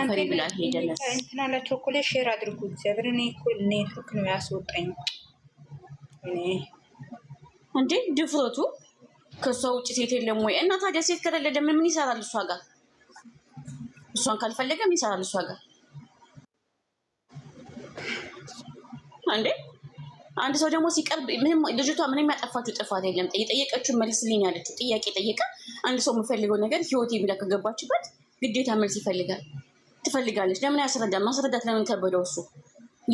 አፈሪ ብላ ሄደለስ እንትና ለቾኮሌት ሼር አድርጉ። እግዚአብሔር እኔ እኮ ኔትወርክ ነው ያስወጣኝ እንዴ ድፍረቱ። ከእሷ ውጭ ሴት የለም ወይ? እና ታዲያ ሴት ከሌለ ለምን ምን ይሰራል እሷ ጋር? እሷን ካልፈለገ ምን ይሰራል እሷ ጋር እንዴ? አንድ ሰው ደግሞ ሲቀርብ ልጅቷ ምንም ያጠፋችሁ ጥፋት የለም። የጠየቀችው መልስልኝ ያለችው ጥያቄ ጠየቀ። አንድ ሰው የምፈልገው ነገር ህይወት የሚላ ከገባችበት ግዴታ መልስ ይፈልጋል። ትፈልጋለች። ለምን ያስረዳል ማስረዳት ለምን ከበደው? እሱ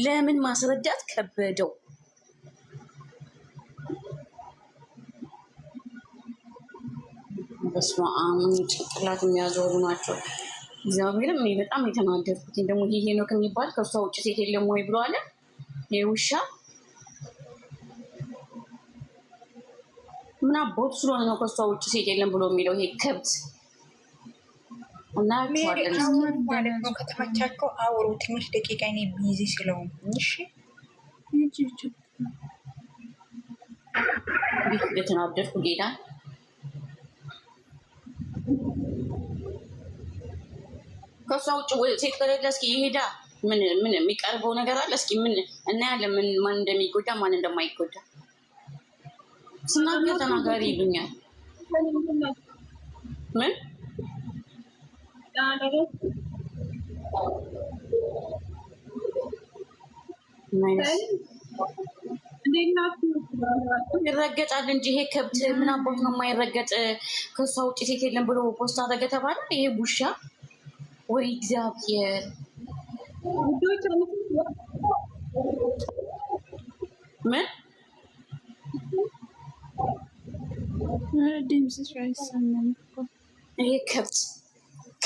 ለምን ማስረዳት ከበደው? በስመ አብ ጭንቅላት የሚያዞሩ ናቸው። እግዚአብሔርም እኔ በጣም የተናደድኩት ደግሞ ይሄ ነው ከሚባል ከእሷ ውጭ ሴት የለም ወይ ብሎ አለ ውሻ ምናቦት ስለሆነ ነው ከእሷ ውጭ ሴት የለም ብሎ የሚለው ይሄ ከብት እና ማለት ነው ከተመቻቸው አውሩ። ትንሽ ደቂቃ እኔ ቢዚ ስለሆን ከእሷ ውጭ ሴት ከሌለ እስኪ ይሄዳ ምን ምን የሚቀርበው ነገር አለ? እስኪ ምን እናያለን። ምን ማን እንደሚጎዳ ማን እንደማይጎዳ ስናገር ተናጋሪ ይሉኛል። ምን ይረገጣል እንጂ ይሄ ከብት ምን አባት ነው የማይረገጥ? ከሷ ውጭ ሴት የለም ብሎ ፖስት አደረገ ተባለ። ይሄ ቡሻ ወይ እግዚአብሔር ምን ይሄ ከብት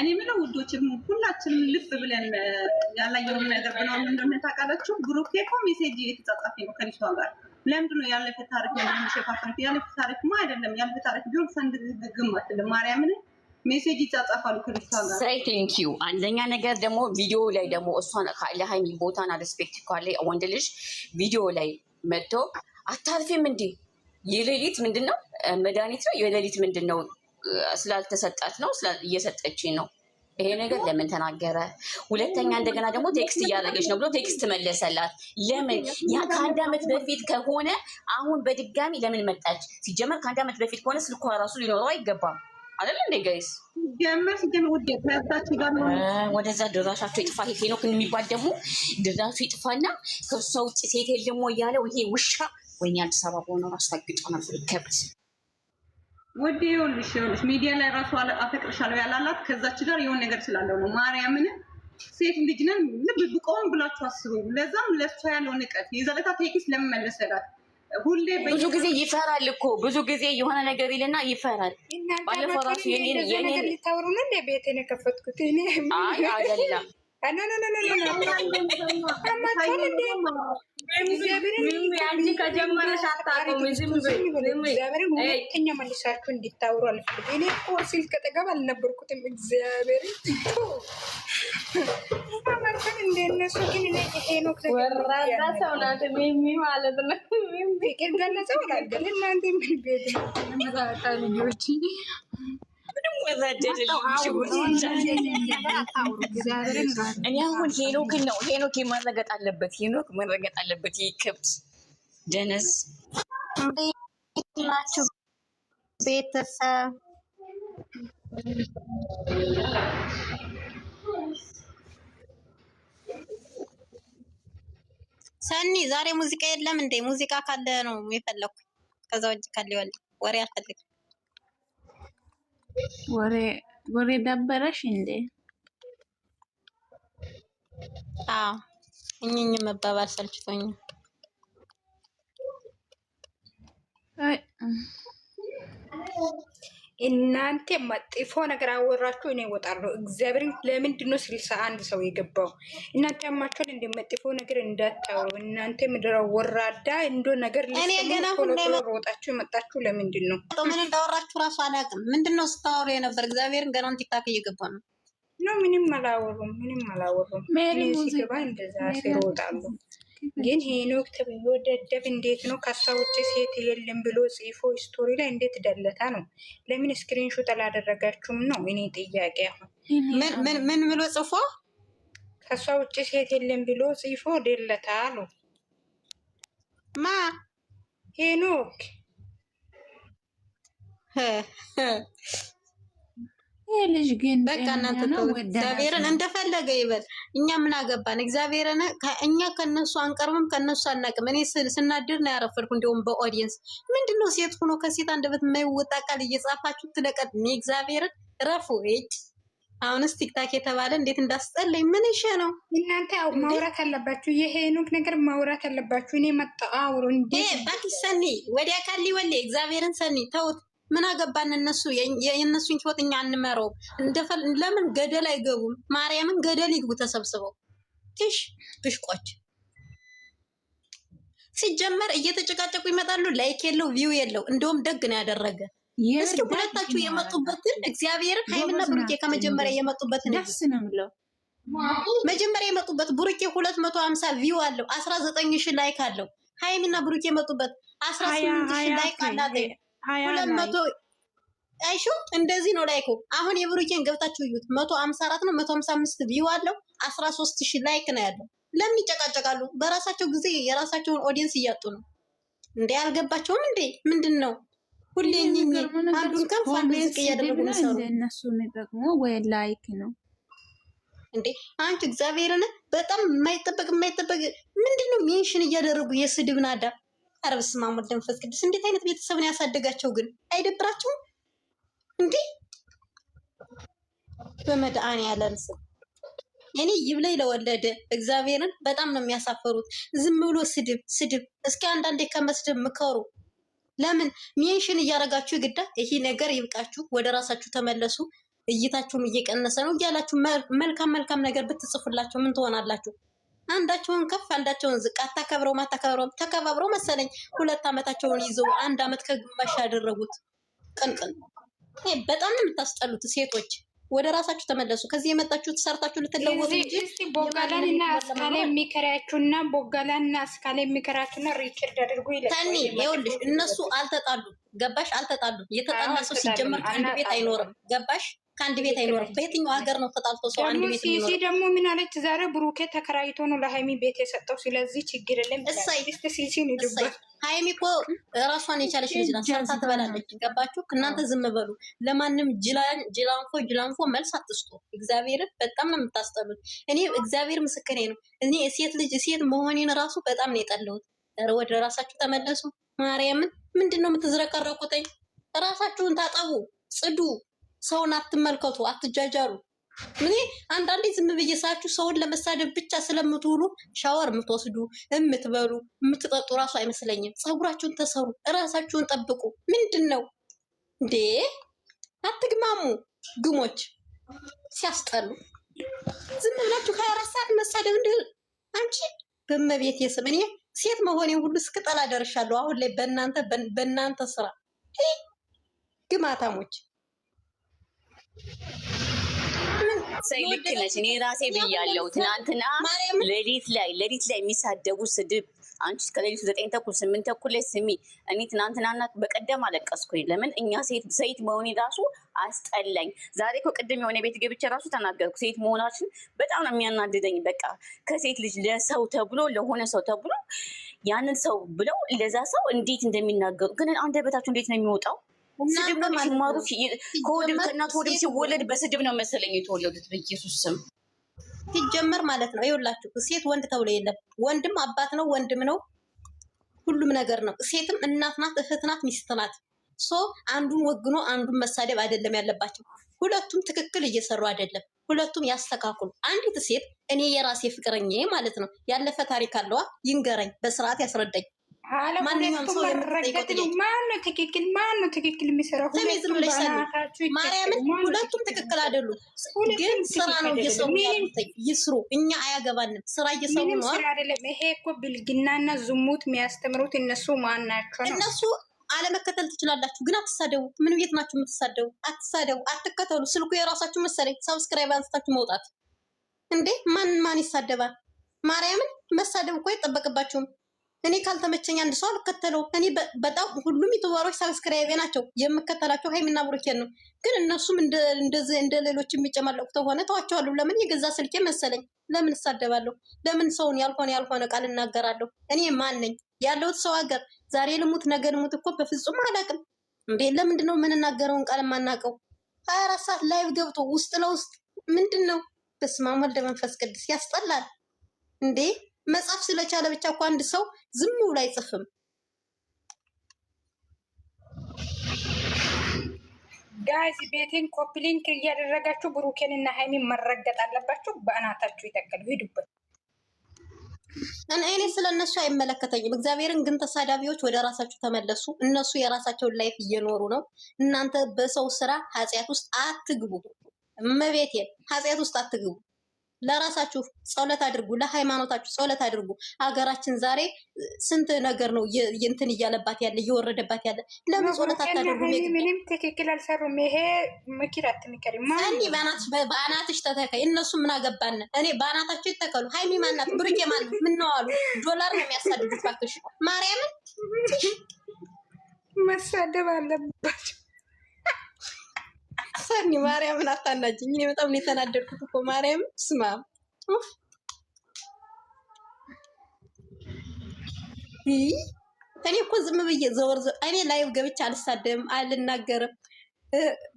እኔ ምለው ውዶችም ሁላችንም ልብ ብለን ያላየውን ነገር ብለው እንደሆነ ታውቃላችሁ። ግሩፕ እኮ ሜሴጅ የተጻጻፊ ነው ከልጅቷ ጋር ለምንድን ነው ያለፈ ታሪክ ሸፋፈን? ያለፈ ታሪክ ማ አይደለም። ያለፈ ታሪክ ቢሆን ፈንድ ግግም አትልም። ማርያምን ሜሴጅ ይጻጻፋሉ ከልጅቷ ጋር ሳይ ቴንክ ዩ። አንደኛ ነገር ደግሞ ቪዲዮ ላይ ደግሞ እሷን ለሀይሚ ቦታና ሪስፔክት ካለ ወንድ ልጅ ቪዲዮ ላይ መጥቶ አታርፊም እንዴ የሌሊት ምንድን ነው መድኃኒት ነው የሌሊት ምንድን ነው ስላልተሰጣት ነው እየሰጠችኝ ነው። ይሄ ነገር ለምን ተናገረ? ሁለተኛ እንደገና ደግሞ ቴክስት እያደረገች ነው ብሎ ቴክስት መለሰላት። ለምን ያ ከአንድ ዓመት በፊት ከሆነ አሁን በድጋሚ ለምን መጣች? ሲጀመር ከአንድ ዓመት በፊት ከሆነ ስልኳ ራሱ ሊኖረው አይገባም። አይደል እንዴ ጋይስ? ወደዛ ድራሻቸው ይጥፋ። ነው የሚባል ደግሞ ድራሹ ይጥፋና ከሷ ውጭ ሴት የለም እያለው ይሄ ውሻ ወይኔ አዲስ አበባ በሆነ ራሱ አግጫ ነበር ከብት ወደ ይኸውልሽ ይኸውልሽ ሚዲያ ላይ ራሱ አፈቅርሻለሁ ያላላት ከዛች ጋር የሆነ ነገር ስላለው ነው። ማርያምን ሴት ልጅ ነን ልብ ብቆም ብላችሁ አስቡ። ለዛም ለሷ ያለው ንቀት የዘለታ ቴክስ ለምመለሰላት ሁሌ ብዙ ጊዜ ይፈራል እኮ ብዙ ጊዜ የሆነ ነገር ይልና ይፈራል። ባለፈው ራሱ ልታወሩ ነው እንደ የከፈትኩት አይ አይደለም ሁለተኛ መልሳችሁ እንዲታወሩ አልፈልግም። እኔ እኮ ስልክ አጠገብ አልነበርኩትም። እግዚአብሔር ግን እኔ እኔ አሁን ሄኖክን ነው ሄኖክ መረገጥ አለበት። ሄኖክ መረገጥ አለበት። ይህ ከብት ደነስ ናችሁ ቤተሰብ ሰኒ ዛሬ ሙዚቃ የለም እንዴ? ሙዚቃ ካለ ነው የፈለኩ። ከዛ ውጭ ካለ ወሬ አልፈልግም። ወሬ ዳበረሽ እንዴ? አዎ እኝኝ መባባል ሰልችቶኛል። እናንተ መጥፎ ነገር አወራችሁ፣ እኔ ወጣለሁ እግዚአብሔር ለምንድን ነው ስልሳ አንድ ሰው የገባው? እናንተ አማችኋል። እንደ መጥፎ ነገር እንዳታወሩ እናንተ ምድረ ወራዳ እንዶ ነገር ሮጣችሁ የመጣችሁ ለምንድን ነው? ምን እንዳወራችሁ ራሱ አላውቅም። ምንድን ነው ስታወሩ የነበር? እግዚአብሔርን ገና ቲክታክ እየገባ ነው ነው ምንም አላወሩም። ምንም አላወሩም። ሲገባ እንደዛ ሲሮጣሉ ግን ሄኖክ ተብሎ ደደብ እንዴት ነው ከሳ ውጭ ሴት የለም ብሎ ጽፎ ስቶሪ ላይ እንዴት ደለታ ነው? ለምን ስክሪንሹት አላደረጋችሁም ነው እኔ ጥያቄ። አሁን ምን ብሎ ጽፎ ከሷ ውጭ ሴት የለም ብሎ ጽፎ ደለታ አሉ። ማ ሄኖክ ይህ ልጅ ግን በቃ እናንተ እግዚአብሔርን እንደፈለገ ይበል። እኛ ምን አገባን? እግዚአብሔርን እኛ ከነሱ አንቀርብም፣ ከነሱ አናቅም። እኔ ስናድር ነው ያረፈድኩ። እንዲሁም በኦዲየንስ ምንድን ነው ሴት ሆኖ ከሴት አንደበት የማይወጣ ቃል እየጻፋችሁ ትለቀጥ። እኔ እግዚአብሔርን ረፉ ች አሁንስ ቲክታክ የተባለ እንዴት እንዳስጠለኝ ምን ይሸ ነው እናንተ ያው ማውራት አለባችሁ። የሄኑክ ነገር ማውራት አለባችሁ። እኔ መጣ አውሩ እንዴ ባኪ ሰኒ ወዲያ ካሊ ወሌ እግዚአብሔርን ሰኒ ተውት። ምን አገባን? እነሱ የእነሱን ህይወት እኛ አንመረው። ለምን ገደል አይገቡም? ማርያምን ገደል ይግቡ ተሰብስበው። ትሽ ብሽቆች ሲጀመር እየተጨቃጨቁ ይመጣሉ። ላይክ የለው ቪው የለው። እንደውም ደግ ነው ያደረገ። እስኪ ሁለታችሁ የመጡበትን እግዚአብሔርን ሃይምና ብሩኬ ከመጀመሪያ የመጡበትን መጀመሪያ የመጡበት ብሩኬ ሁለት መቶ ሀምሳ ቪው አለው። አስራ ዘጠኝ ሺህ ላይክ አለው። ሃይምና ብሩኬ የመጡበት አስራ ስምንት ላይክ አላት። ሁለት መቶ አይሹ እንደዚህ ነው ላይኩ። አሁን የብሩኬን ገብታችሁ እዩት። መቶ ሀምሳ አራት ነው መቶ ሀምሳ አምስት ቪው አለው። አስራ ሶስት ሺህ ላይክ ነው ያለው። ለምን ይጨቃጨቃሉ? በራሳቸው ጊዜ የራሳቸውን ኦዲየንስ እያጡ ነው እንዴ? አልገባቸውም እንዴ? ምንድን ነው ሁሌ አንዱን ከንፍ አንዱን ዝቅ እያደረጉ ነው። እነሱ የሚጠቅመው ወይ ላይክ ነው እንዴ? አንቺ እግዚአብሔርን በጣም የማይጠበቅ የማይጠበቅ ምንድን ነው ሜንሽን እያደረጉ የስድብ ናዳ ኧረ በስመ አብ ወወልድ ወመንፈስ ቅዱስ! እንዴት አይነት ቤተሰብን ያሳደጋቸው ግን አይደብራቸውም እንዴ? በመድኃኒዓለም ስም እኔ ይብላኝ ለወለደ እግዚአብሔርን በጣም ነው የሚያሳፈሩት። ዝም ብሎ ስድብ ስድብ። እስኪ አንዳንዴ ከመስደብ ምከሩ። ለምን ሜንሽን እያደረጋችሁ ግዳ ይሄ ነገር ይብቃችሁ፣ ወደ ራሳችሁ ተመለሱ፣ እይታችሁም እየቀነሰ ነው እያላችሁ መልካም መልካም ነገር ብትጽፉላቸው ምን ትሆናላችሁ? አንዳቸውን ከፍ አንዳቸውን ዝቅ አታከብረውም፣ አታከብረውም። ተከባብረው መሰለኝ ሁለት ዓመታቸውን ይዘው አንድ ዓመት ከግማሽ ያደረጉት ቅንቅን። በጣም ነው የምታስጠሉት ሴቶች። ወደ ራሳችሁ ተመለሱ። ከዚህ የመጣችሁት ሰርታችሁ ልትለወጡ እንጂ እስቲ ቦጋላንና አስካላ የሚከራያችሁና እና አስካለ የሚከራያችሁና ሪችርድ አድርጉ ይለ ታኒ ይኸውልሽ እነሱ አልተጣሉም። ገባሽ? አልተጣሉም። የተጣላ ሰው ሲጀመር ከአንድ ቤት አይኖርም። ገባሽ? ከአንድ ቤት አይኖርም። በየትኛው ሀገር ነው ተጣልቶ ሰው አንድ ቤት ሲሲ ደግሞ ምን አለች? ዛሬ ብሩኬ ተከራይቶ ነው ለሀይሚ ቤት የሰጠው። ስለዚህ ችግር የለም። እሳይ ሀይሚ እኮ ራሷን የቻለች ልጅ ናት። ሰርታ ትበላለች። ገባችሁ? እናንተ ዝም በሉ። ለማንም ጅላንፎ ጅላንፎ መልስ አትስጡ። እግዚአብሔርን በጣም ነው የምታስጠሉት። እኔ እግዚአብሔር ምስክሬ ነው። እኔ ሴት ልጅ ሴት መሆኔን ራሱ በጣም ነው የጠለሁት። ወደ ራሳችሁ ተመለሱ። ማርያምን ምንድን ነው የምትዝረቀረቁትኝ? እራሳችሁን ታጠቡ፣ ጽዱ። ሰውን አትመልከቱ፣ አትጃጃሉ። እኔ አንዳንዴ ዝም ብዬ ሳችሁ ሰውን ለመሳደብ ብቻ ስለምትውሉ ሻወር የምትወስዱ የምትበሉ፣ የምትጠጡ እራሱ አይመስለኝም። ፀጉራችሁን ተሰሩ፣ እራሳችሁን ጠብቁ። ምንድን ነው እንዴ? አትግማሙ ግሞች፣ ሲያስጠሉ ዝም ብላችሁ ከአራት ሰዓት መሳደብ እንደ አንቺ በመቤት የስምን ይሄ ሴት መሆኔን ሁሉ እስክጠላ ደርሻለሁ። አሁን ላይ በእናንተ በእናንተ ስራ ግማታሞች ሰይ ልክ ነች። እኔ ራሴ ብያለሁ ትናንትና ሌሊት ላይ ሌሊት ላይ የሚሳደቡ ስድብ አንቺ እስከ ሌሊቱ ዘጠኝ ተኩል ስምንት ተኩል ላይ ስሚ። እኔ ትናንትናና በቀደም አለቀስኩኝ። ለምን እኛ ሴት ሴት መሆኔ ራሱ አስጠላኝ። ዛሬ እኮ ቅድም የሆነ ቤት ገብቼ ራሱ ተናገርኩ። ሴት መሆናችን በጣም ነው የሚያናድደኝ። በቃ ከሴት ልጅ ለሰው ተብሎ ለሆነ ሰው ተብሎ ያንን ሰው ብለው ለዛ ሰው እንዴት እንደሚናገሩ ግን አንደበታቸው እንዴት ነው የሚወጣው? ስድብ ነው የሚማሩት። ከሆድም ከእናት ሲወለድ በስድብ ነው መሰለኝ የተወለዱት። በኢየሱስ ስም ሲጀመር ማለት ነው ይኸውላችሁ፣ ሴት ወንድ ተብሎ የለም። ወንድም አባት ነው፣ ወንድም ነው፣ ሁሉም ነገር ነው። ሴትም እናት ናት፣ እህት ናት፣ ሚስት ናት። ሶ አንዱን ወግኖ አንዱን መሳደብ አይደለም ያለባቸው። ሁለቱም ትክክል እየሰሩ አይደለም። ሁለቱም ያስተካክሉ። አንዲት ሴት እኔ የራሴ ፍቅረኛ ማለት ነው ያለፈ ታሪክ አለዋ፣ ይንገረኝ፣ በስርዓት ያስረዳኝ። ማርያምን ሁለቱም ትክክል አይደሉም፣ ግን ስራ ነው እየሰሩ ይስሩ፣ እኛ አያገባንም። ስራ እየሰሩ ነው ይሄ እኮ ብልግናና ዝሙት የሚያስተምሩት እነሱ ማን ናቸው? እነሱ አለመከተል ትችላላችሁ፣ ግን አትሳደቡ። ምን ቤት ናችሁ የምትሳደቡ? አትሳደቡ፣ አትከተሉ። ስልኩ የራሳችሁ መሰለኝ። ሰብስክራይብ አንስታችሁ መውጣት እንዴ! ማን ማን ይሳደባል? ማርያምን መሳደብ እኮ አይጠበቅባችሁም። እኔ ካልተመቸኝ አንድ ሰው አልከተለው። እኔ በጣም ሁሉም ዩቱበሮች ሰብስክራይቤ ናቸው የምከተላቸው ሀይሚና ብሩኬን ነው። ግን እነሱም እንደዚህ እንደ ሌሎች የሚጨማለቁ ተሆነ ተዋቸዋለሁ። ለምን የገዛ ስልኬ መሰለኝ። ለምን እሳደባለሁ? ለምን ሰውን ያልሆነ ያልሆነ ቃል እናገራለሁ? እኔ ማን ነኝ? ያለሁት ሰው ሀገር፣ ዛሬ ልሙት ነገ ልሙት እኮ በፍጹም አላውቅም። እንዴ ለምንድን ነው የምንናገረውን ቃል የማናውቀው? ሀያ አራት ሰዓት ላይቭ ገብቶ ውስጥ ለውስጥ ምንድን ነው? በስመ አብ ወልደ መንፈስ ቅዱስ ያስጠላል እንዴ መጻፍ ስለቻለ ብቻ እኮ አንድ ሰው ዝም ብሎ አይጽፍም። ጋይስ ቤቴን ኮፒ ሊንክ እያደረጋችሁ ብሩኬን እና ሃይሚን መረገጥ አለባችሁ። በእናታችሁ ይተከሉ ሂዱበት። እኔ ስለ እነሱ አይመለከተኝም። እግዚአብሔርን ግን ተሳዳቢዎች ወደ ራሳችሁ ተመለሱ። እነሱ የራሳቸውን ላይፍ እየኖሩ ነው። እናንተ በሰው ስራ ኃጢአት ውስጥ አትግቡ። እመቤቴን ኃጢአት ውስጥ አትግቡ። ለራሳችሁ ጸሎት አድርጉ፣ ለሃይማኖታችሁ ጸሎት አድርጉ። ሀገራችን ዛሬ ስንት ነገር ነው እንትን እያለባት ያለ እየወረደባት ያለ። ለምን ጸሎት አታደርጉ? ምንም ትክክል አልሰሩም። ይሄ ምክር አትምከሪ። በአናትሽ ተተካይ። እነሱ ምን አገባን? እኔ በአናታቸው ይተከሉ። ሀይሚ ማናት? ብሩኬ ማናት? ምነዋሉ? ዶላር ነው የሚያሳድጉት። እባክሽ ማርያምን መሳደብ አለባቸው። ሰኒ ማርያምን አታናጅኝ። እኔ በጣም ነው የተናደድኩት እኮ ማርያም ስማ፣ እኔ እኮ ዝም ብዬ ዘወር እኔ ላይቭ ገብቼ አልሳደብም፣ አልናገርም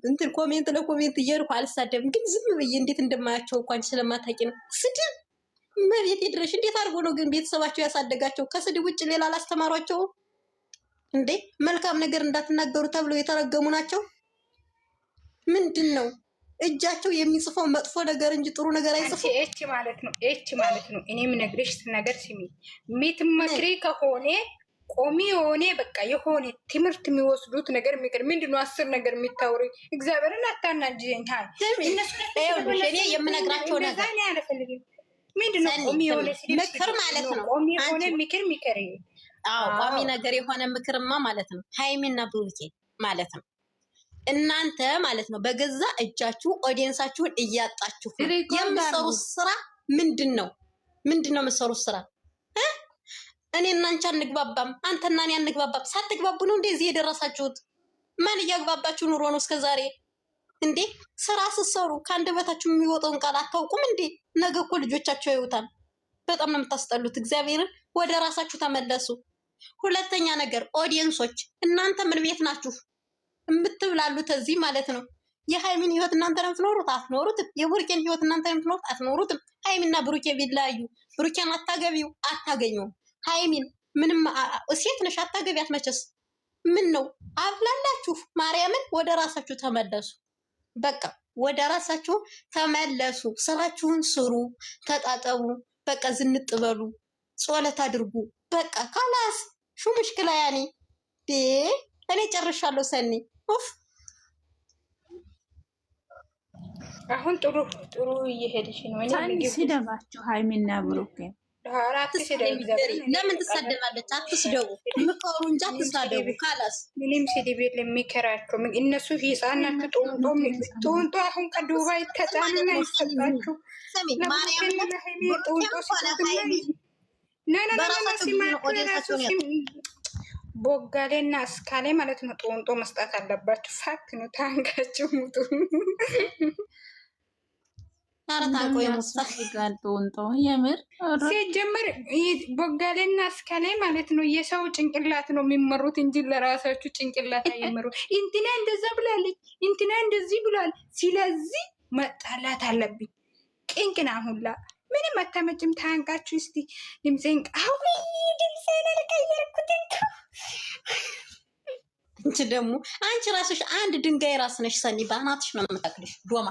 እንትን ኮሜንት ለኮሜንት እየሄድኩ አልሳደብም። ግን ዝም ብዬ እንዴት እንደማያቸው እኮ አንቺ ስለማታውቂ ነው። ስድብ መቤት ድረሽ እንዴት አድርጎ ነው ግን ቤተሰባቸው ያሳደጋቸው? ከስድብ ውጭ ሌላ አላስተማሯቸው እንዴ? መልካም ነገር እንዳትናገሩ ተብለው የተረገሙ ናቸው። ምንድን ነው እጃቸው የሚጽፈው መጥፎ ነገር እንጂ ጥሩ ነገር አይጽፉ። እች ማለት ነው እች ማለት ነው። እኔ የምነግርሽ ነገር ስሚ፣ የምትመክሪ ከሆነ ቆሚ የሆነ በቃ የሆነ ትምህርት የሚወስዱት ነገር የሚቀር ምንድን ነው አስር ነገር የሚታወሪ እግዚአብሔርን አታናጅኝ። እኔ የምነግራቸው ነገር ምንድን ነው ቆሚ የሆነ ምክር ማለት ነው። ቆሚ የሆነ ምክር የሚቀር ቋሚ ነገር የሆነ ምክርማ ማለት ነው። ሀይሚና ብሩኬ ማለት ነው እናንተ ማለት ነው በገዛ እጃችሁ ኦዲየንሳችሁን እያጣችሁ የምሰሩት ስራ ምንድን ነው? ምንድን ነው የምሰሩት ስራ? እኔ እናንቺ አንግባባም፣ አንተና እኔ አንግባባም። ሳትግባቡ ነው እንዴ ዚህ የደረሳችሁት? ማን እያግባባችሁ ኑሮ ነው እስከ ዛሬ እንዴ ስራ ስትሰሩ በታችሁ የሚወጣውን ቃል አታውቁም እንዴ? ነገ እኮ ልጆቻቸው ይውታል። በጣም ነው የምታስጠሉት። እግዚአብሔርን ወደ ራሳችሁ ተመለሱ። ሁለተኛ ነገር ኦዲየንሶች እናንተ ምን ቤት ናችሁ? የምትብላሉት እዚህ ማለት ነው። የሃይሚን ህይወት እናንተ ነው የምትኖሩት፣ አትኖሩትም። የቡርኬን ህይወት እናንተ ነው የምትኖሩት፣ አትኖሩትም። ሃይሚና ብሩኬ ቢለያዩ ብሩኬን አታገቢው፣ አታገኘውም። ሃይሚን ምንም ሴት ነሽ፣ አታገቢያት መቼስ። ምን ነው አብላላችሁ? ማርያምን ወደ ራሳችሁ ተመለሱ። በቃ ወደ ራሳችሁ ተመለሱ። ስራችሁን ስሩ፣ ተጣጠቡ፣ በቃ ዝንጥ በሉ፣ አድርጉ። በቃ ካላስ ሹ ምሽክላ ያኔ እኔ ጨርሻለሁ ሰኔ ኡፍ አሁን ጥሩ ጥሩ እየሄድሽ ነው። እኔ ሲደባችሁ ሃይሚና ብሩክ ለምን ትሰደባለች? አትስደቡ፣ ምከሩ እንጂ አትሳደቡ። ካላስ ምንም ስድብ የለም። የሚከራቸው እነሱ ህፃን ናቸው። ጦንጦ አሁን ከዱባይ ከጫንና ይሰጣችሁ ጦንጦ ቦጋሌና እስካሌ ማለት ነው። ጦንጦ መስጣት አለባችሁ። ፋክት ነው። ታንጋችሁ ሙጡ። ጦንጦ የምር ሲጀምር ቦጋሌና እስካሌ ማለት ነው። የሰው ጭንቅላት ነው የሚመሩት እንጂ ለራሳችሁ ጭንቅላት አይመሩ። እንትና እንደዛ ብላለች፣ እንትና እንደዚህ ብሏል። ስለዚህ መጣላት አለብኝ። ቅንቅና ሁላ ምንም አታመጭም። ታንቃችሁ እስቲ ድምፄን ቃሁ ድምፄን አልቀየርኩት እንቺ ደግሞ አንቺ ራስሽ አንድ ድንጋይ ራስ ነሽ። ሰኒ በአናትሽ ነው የምታክልሽ። ዶማ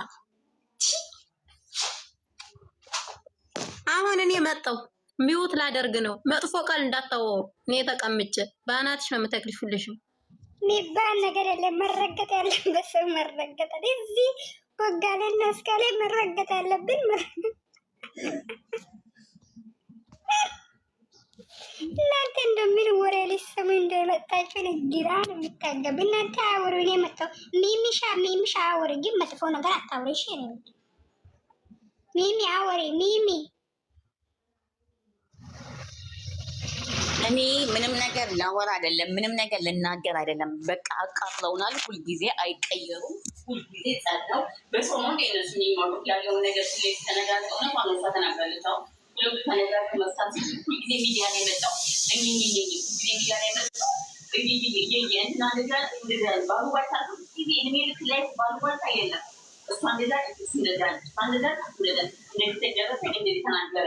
አሁን እኔ መጣው ሚውት ላደርግ ነው። መጥፎ ቃል እንዳታወሩ። እኔ ተቀምጬ በአናትሽ ነው የምታክልሽ። ሁልሽም የሚባል ነገር ያለ መረገጥ ያለበት ሰው መረገጥ እዚህ ወጋለን መስቀሌ መረገጥ ያለብን እናንተ እንደምን ወሬ ልስሙ እንደመጣችሁ ግራ ነው የምታገብ። እናንተ አወሩ እኔ መጣሁ ሚሚሻ ሚሚሻ አወሪ፣ ግን መጥፎ ነገር አታውሪ። እሺ ሚሚ አወሪ ሚሚ እኔ ምንም ነገር ላወራ አይደለም፣ ምንም ነገር ልናገር አይደለም። በቃ አቃጥለውናል። ሁልጊዜ አይቀየሩም፣ ሁልጊዜ ጸጥ ነው። በሰሞን እነሱ የሚማሩት ያለውን ነገር ስለተነጋገሩ ነው ማለት ተናገልተው ደግ ተነጋግረን መፍታት ሁልጊዜ ሚዲያ ላይ መጣው ጊዜ ሚዲያ ላይ መጣው እንትና እንደዛ እንደዛ ባሉባታ ጊዜ እድሜ ልክ ላይ ባሉባታ የለም። እሷ እንደዛ እሱ እንደዛ እሷ እንደዛ እሱ እንደዚህ ተናገረ።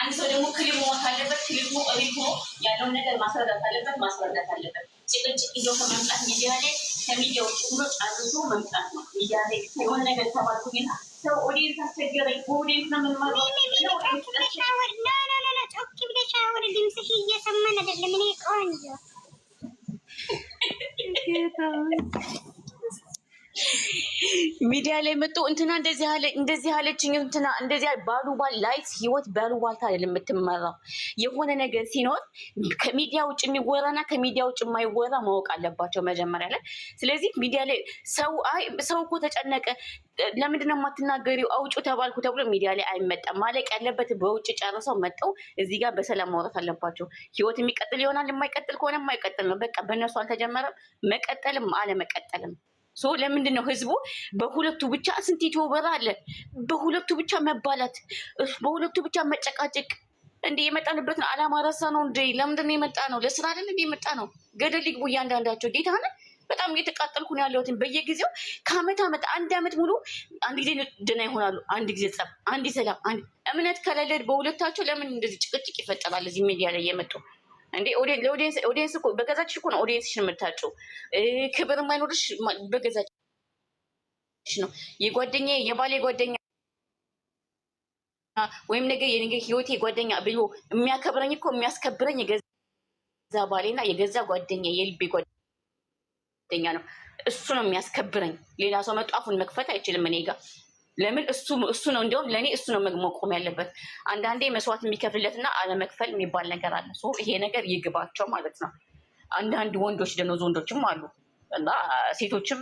አንድ ሰው ደግሞ ክሊር ካለበት ክሊር ሆኖ ያለውን ነገር ማስረዳት አለበት ማስረዳት አለበት። ጭቅጭቅ ይዘው ከመምጣት ሚዲያ ላይ ከሚዲያው ጭምሮ ጨርሶ መምጣት ነው። ሚዲያ ላይ የሆነ ነገር ተባልኩኝና ሰው ኦዲየንስ አስቸገረኝ። ኦዲየንስ ነው የምንመራው። ጮክ ብለሽ አውሪ፣ ድምፅሽ እየሰማን አይደለም። እኔ ቆንጆ ሚዲያ ላይ መጡ እንትና እንደዚህ አለ እንደዚህ አለችኝ እንትና እንደዚህ ባሉባል ላይፍ ህይወት ባሉባልታ አይደለም የምትመራው። የሆነ ነገር ሲኖር ከሚዲያ ውጭ የሚወራና ከሚዲያ ውጭ የማይወራ ማወቅ አለባቸው መጀመሪያ ላይ። ስለዚህ ሚዲያ ላይ ሰው አይ ሰው እኮ ተጨነቀ፣ ለምንድን ነው የማትናገሪው? አውጩ ተባልኩ ተብሎ ሚዲያ ላይ አይመጣም። ማለቅ ያለበት በውጭ ጨርሰው መጠው እዚህ ጋር በሰላም ማውራት አለባቸው። ህይወት የሚቀጥል ይሆናል። የማይቀጥል ከሆነ የማይቀጥል ነው። በቃ በእነሱ አልተጀመረም። መቀጠልም አለመቀጠልም ሶ ለምንድን ነው ህዝቡ በሁለቱ ብቻ ስንት ኢትዮበር አለ? በሁለቱ ብቻ መባላት፣ በሁለቱ ብቻ መጨቃጨቅ። እንደ የመጣንበት ነው አላማ ረሳ ነው እንደ ለምንድን ነው የመጣ ነው? ለስራ አይደል እንደ የመጣ ነው? ገደል ይግቡ እያንዳንዳቸው። ጌታ ነ በጣም እየተቃጠልኩ ነው ያለሁትን በየጊዜው ከአመት አመት አንድ አመት ሙሉ አንድ ጊዜ ደህና ይሆናሉ፣ አንድ ጊዜ ጸብ፣ አንድ ሰላም። እምነት ከሌለ በሁለታቸው ለምን እንደዚህ ጭቅጭቅ ይፈጠራል? እዚህ ሚዲያ ላይ የመጡ እንዴ ኦዲየንስ ኦዲየንስ እኮ በገዛችሽ እኮ ነው ኦዲየንስሽን የምታጩ ክብር የማይኖርሽ በገዛችሽ ነው። የጓደኛ የባሌ ጓደኛ ወይም ነገር የነገ ህይወቴ ጓደኛ ብሎ የሚያከብረኝ እኮ የሚያስከብረኝ የገዛ ባሌና የገዛ ጓደኛ የልቤ ጓደኛ ነው። እሱ ነው የሚያስከብረኝ። ሌላ ሰው አፉን መክፈት አይችልም እኔ ጋር ለምን እሱ እሱ ነው እንዲሁም ለእኔ እሱ ነው መቆም ያለበት። አንዳንዴ መስዋዕት የሚከፍልለት እና አለመክፈል የሚባል ነገር አለ። ይሄ ነገር ይግባቸው ማለት ነው። አንዳንድ ወንዶች ደኖዝ ወንዶችም አሉ እና ሴቶችም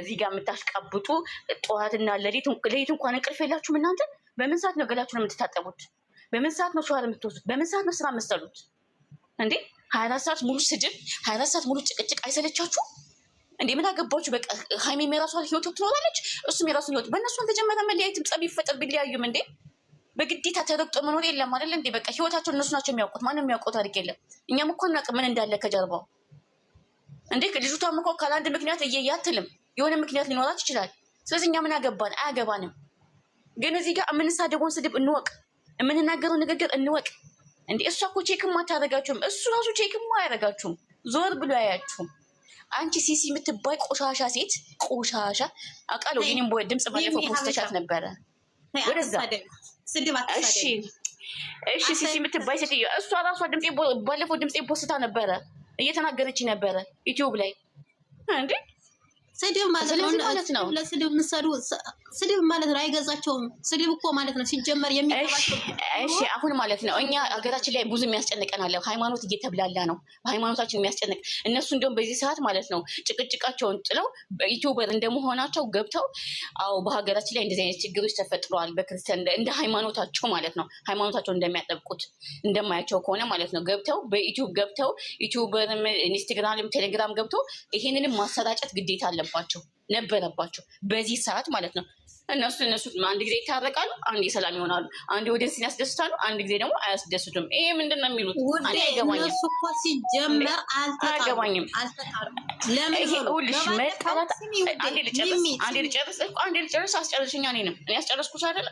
እዚህ ጋር የምታሽቃብጡ ጠዋትና ለሌት እንኳን እንቅልፍ የላችሁም እናንተ። በምን ሰዓት ነው ገላችሁን የምትታጠቡት? በምን ሰዓት ነው ሸዋር የምትወስዱት? በምን ሰዓት ነው ስራ የምትሰሩት? እንዴ ሀያ አራት ሰዓት ሙሉ ስድብ፣ ሀያ አራት ሰዓት ሙሉ ጭቅጭቅ አይሰለቻችሁ? እንዴ ምን አገባችሁ? በቃ ሀይሜ የራሷን ህይወት ትኖራለች፣ እሱም የራሱን ህይወት። በእነሱ አልተጀመረ መለያየትም ጸብ ይፈጠር ቢለያዩም እንዴ በግዴታ ተረግጦ መኖር የለም አይደለ እንዴ? በቃ ህይወታቸውን እነሱ ናቸው የሚያውቁት፣ ማንም የሚያውቀው ታሪክ የለም። እኛም እኮ እናቅ ምን እንዳለ ከጀርባው እንዴ። ልጅቷም እኮ ካለአንድ ምክንያት እየየ አትልም፣ የሆነ ምክንያት ሊኖራት ይችላል። ስለዚህ እኛ ምን አገባን? አያገባንም። ግን እዚህ ጋር የምንሳደበውን ስድብ እንወቅ፣ የምንናገረው ንግግር እንወቅ። እንዴ እሷ እኮ ቼክም አታደርጋችሁም፣ እሱ ራሱ ቼክም አያደርጋችሁም፣ ዞር ብሎ አያችሁም። አንቺ ሲሲ የምትባይ ቆሻሻ ሴት ቆሻሻ አውቃለሁ። ይህንም ድምፅ ባለፈው ፖስተሻት ነበረ ወደዛ። እሺ እሺ፣ ሲሲ የምትባይ ሴትዮ እሷ ራሷ ድምፅ ባለፈው ድምፅ ፖስታ ነበረ፣ እየተናገረች ነበረ ዩቲዩብ ላይ እንዴ ስድብ ማለት ነው። ለስድብ ምሰዱ ስድብ ማለት ነው። አይገዛቸውም። ስድብ እኮ ማለት ነው ሲጀመር የሚባቸው አሁን ማለት ነው። እኛ ሀገራችን ላይ ብዙ የሚያስጨንቀን አለ። ሃይማኖት እየተብላላ ነው። በሃይማኖታችን የሚያስጨንቅ እነሱ እንዲሁም በዚህ ሰዓት ማለት ነው ጭቅጭቃቸውን ጥለው ዩቲዩበር እንደመሆናቸው ገብተው አዎ፣ በሀገራችን ላይ እንደዚህ አይነት ችግሮች ተፈጥረዋል። በክርስቲያን እንደ ሃይማኖታቸው ማለት ነው ሃይማኖታቸው እንደሚያጠብቁት እንደማያቸው ከሆነ ማለት ነው ገብተው በዩቲዩብ ገብተው ዩቲዩበርም ኢንስታግራም ቴሌግራም ገብተው ይሄንንም ማሰራጨት ግዴታ አለ። ነበረባቸው ነበረባቸው በዚህ ሰዓት ማለት ነው። እነሱ እነሱ አንድ ጊዜ ይታረቃሉ፣ አንድ ሰላም ይሆናሉ፣ አንድ ወደንስን ያስደስታሉ፣ አንድ ጊዜ ደግሞ አያስደስቱም። ይሄ ምንድን ነው የሚሉት? እነሱ እኮ ሲጀመር አያገባኝም። ይኸውልሽ መጣላት አንዴ ልጨርስ አንዴ ልጨርስ አንዴ ልጨርስ አስጨርሽኛ እኔንም እኔ ያስጨርስኩሽ አይደለ?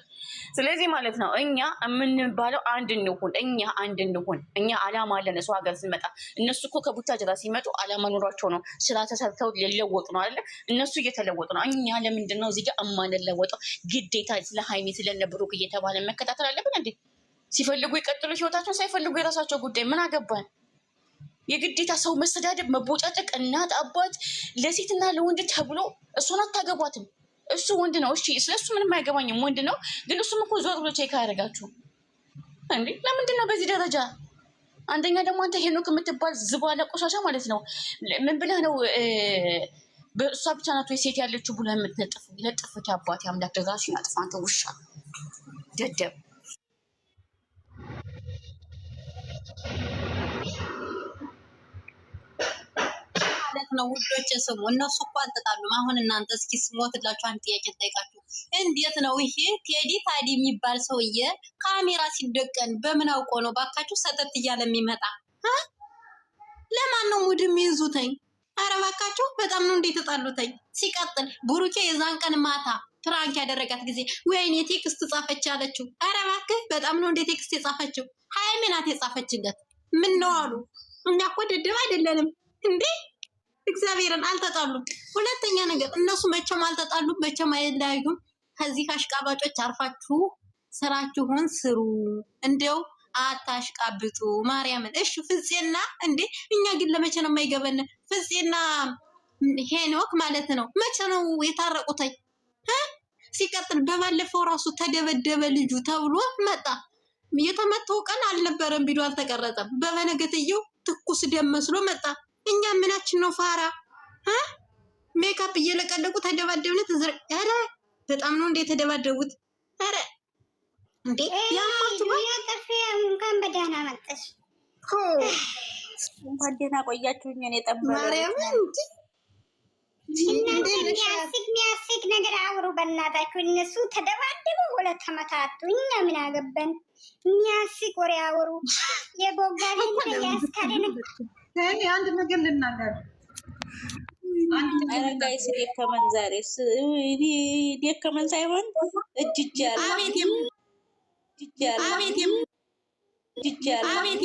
ስለዚህ ማለት ነው እኛ የምንባለው አንድ እንሁን፣ እኛ አንድ እንሁን። እኛ አላማ አለን። እሱ ሀገር ስንመጣ እነሱ እኮ ከቡታጅራ ሲመጡ አላማ ኑሯቸው ነው ስራ ተሰርተው ሊለወጡ ነው አይደለ? እነሱ እየተለወጡ ነው። እኛ ለምንድን ነው እዚህ ጋር እማንለወጥ የሚወጣው ግዴታ ስለ ሀይሜ ስለነ ብሩክ እየተባለ መከታተል አለብን እንዴ? ሲፈልጉ ይቀጥሉ ህይወታቸውን፣ ሳይፈልጉ የራሳቸው ጉዳይ ምን አገባን? የግዴታ ሰው መስተዳደብ፣ መቦጫጨቅ፣ እናት አባት ለሴትና ለወንድ ተብሎ እሱን አታገቧትም። እሱ ወንድ ነው። እሺ ስለሱ ምንም አይገባኝም፣ ወንድ ነው። ግን እሱም እኮ ዞር ብሎ ቼክ አያደርጋችሁም እንዴ? ለምንድን ነው በዚህ ደረጃ? አንደኛ ደግሞ አንተ ሄኖክ የምትባል ዝባለ ቆሻሻ ማለት ነው። ምን ብለህ ነው በእሷ ብቻ ናት ወይ ሴት ያለችው ብሎ የምትነጥፍ አባት አምላክ ደጋሱ ያጥፋ። አንተ ውሻ ደደብ ማለት ነው። ውዶች ስሙ፣ እነሱ እኮ አልጠጣሉም። አሁን እናንተ እስኪ ስሞትላችሁ አንድ ጥያቄ ልጠይቃችሁ። እንዴት ነው ይሄ ቴዲ ታዲ የሚባል ሰውዬ ካሜራ ሲደቀን በምን አውቆ ነው ባካችሁ ሰጠት እያለ የሚመጣ? ለማን ነው ሙድ የሚይዙተኝ? አረ እባካችሁ በጣም ነው እንዴት ተጣሉተኝ። ሲቀጥል ብሩኬ የዛን ቀን ማታ ፍራንክ ያደረጋት ጊዜ ወይኔ ቴክስት ጻፈች አለችው። አረ እባክህ በጣም ነው እንዴ ቴክስት የጻፈችው ሀይሚ ናት የጻፈችለት። ምን ነው አሉ እኛ እኮ ድድብ አይደለንም እንዴ እግዚአብሔርን አልተጣሉም። ሁለተኛ ነገር እነሱ መቼም አልተጣሉም፣ መቼም አይለያዩም። ከዚህ አሽቃባጮች አርፋችሁ ስራችሁን ስሩ እንደው አታሽቃብጡ ማርያምን። እሺ ፍፄና እንዴ እኛ ግን ለመቼ ነው የማይገበን? ፍፄና ሄኖክ ማለት ነው መቼ ነው የታረቁተኝ? ሲቀጥል በባለፈው ራሱ ተደበደበ ልጁ ተብሎ መጣ። የተመተው ቀን አልነበረም ቢሉ አልተቀረጠም። በበነገትየው ትኩስ ደም መስሎ መጣ። እኛ ምናችን ነው ፋራ ሜካፕ እየለቀለቁ ተደባደብነት። ኧረ በጣም ነው እንደ የተደባደቡት ኧረ እንዴ እንኳን በደህና መጣሽ። እንኳን ደህና ቆያችሁኝ። እኔ የሚያስቅ ነገር አውሩ በእናታችሁ። እነሱ ተደባደበው ሁለት ተመታቱ። እኛ ምን አገባን? የሚያስቅ ወሬ አውሩ። አንድ ነገር ልናገር አረጋይ ዛሬ ደከመን ሳይሆን እጅ እጅ ጅጅ ያለ አቤት